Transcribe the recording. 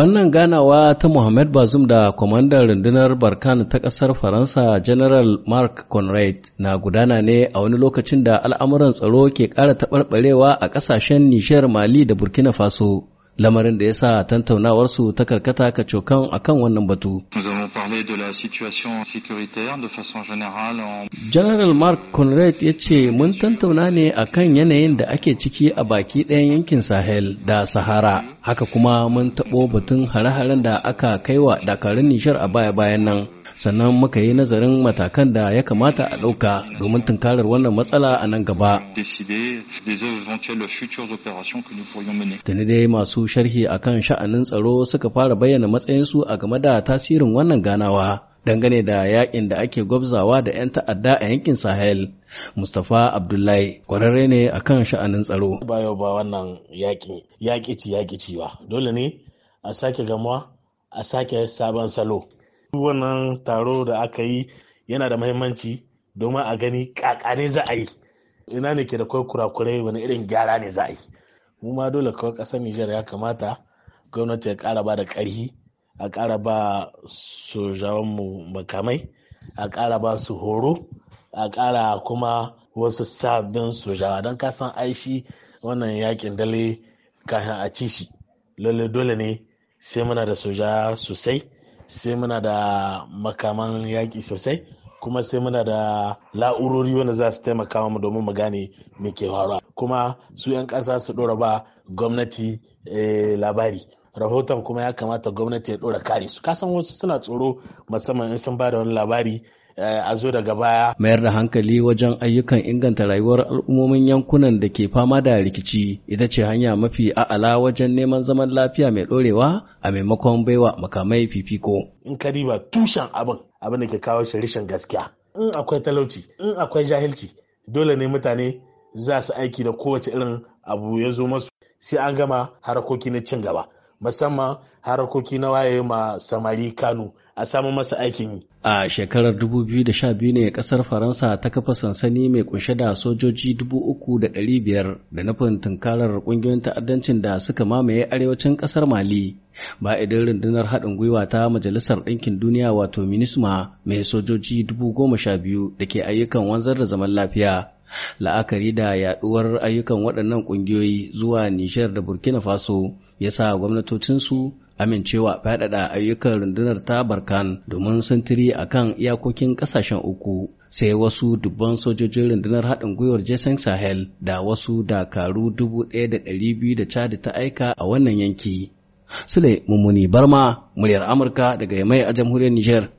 Wannan ganawa ta Mohamed Bazoum da kwamandan rundunar Barkan ta ƙasar Faransa General Mark Conrad na gudana ne a wani lokacin da al'amuran tsaro ke ƙara taɓarɓarewa a ƙasashen Nijar Mali da Burkina Faso. lamarin da ya sa tantaunawarsu ta karkata kacokan kan wannan batu. parler de la situation sécuritaire de façon générale. En... General Mark Conrad ya ce mun tantauna ne a kan yanayin da ake ciki a baki ɗayan yankin Sahel da Sahara. Haka kuma mun taɓo batun hare-haren da aka kaiwa dakarun Nishar a baya-bayan nan. sannan muka yi nazarin matakan da ya kamata a ɗauka domin tunkarar wannan matsala a nan gaba. Tuni dai masu sharhi akan sha'anin tsaro suka fara bayyana matsayinsu a game da tasirin wannan ganawa. dangane da yakin da ake gwabzawa da 'yan ta'adda a yankin sahel mustapha abdullahi kwararre ne akan sha'anin tsaro ba yau ba wannan ci yaƙi ci ba dole ne a sake gamuwa a sake sabon salo wannan taro da aka yi yana da mahimmanci domin a gani kakane za a yi ina ne ke da kai kurakurai wani irin gyara ne za a yi mu ma dole kawai ƙasar nijar ya kamata gwamnati ya ƙara ba da ƙarhi a ƙara ba mu makamai a ƙara ba su horo a ƙara kuma wasu sabbin sojawa don ka kasan aishi wannan yakin dale kafin a ci shi lalle dole ne sai muna da soja sosai sai muna da makaman yaƙi sosai kuma sai muna da la'urori wanda za su taimaka mu domin mu gane me ke faruwa kuma su 'yan ƙasa su ɗora ba gwamnati eh, labari rahoton kuma ya kamata gwamnati ya ɗora kare su kasan wasu suna tsoro musamman in sun ba da wani labari Eh, a zo daga baya. Mayar da hankali wajen ayyukan inganta rayuwar al'ummomin yankunan da ke fama da rikici ita ce hanya mafi a'ala wajen neman zaman lafiya mai ɗorewa a maimakon baiwa makamai fifiko. In ka riba tushen abin abin da ke kawo shi rashin gaskiya. In akwai talauci, in akwai jahilci, dole ne mutane za su aiki da kowace irin abu ya zo masu sai an gama harakoki na cin gaba musamman harakoki na waye ma samari Kano. a samu masa aikin yi. A shekarar 2012 ne kasar Faransa ta kafa sansani mai kunshe da sojoji 3,500 da nufin tunkarar kungiyoyin ta'addancin da suka mamaye arewacin kasar Mali. Ba idan rundunar haɗin gwiwa ta Majalisar Ɗinkin Duniya wato MINISMA mai sojoji 12,000 da ke ayyukan wanzar da zaman lafiya. la'akari da yaduwar ayyukan waɗannan ƙungiyoyi zuwa nishar da burkina faso ya sa gwamnatocinsu amincewa faɗaɗa ayyukan rundunar ta barkan domin sintiri a kan iyakokin ƙasashen uku sai wasu dubban sojojin rundunar haɗin gwiwar jason sahel da wasu dakaru 1,200 da ta aika a wannan yanki sule mummuni barma muryar amurka daga yamai a jamhuriyar niger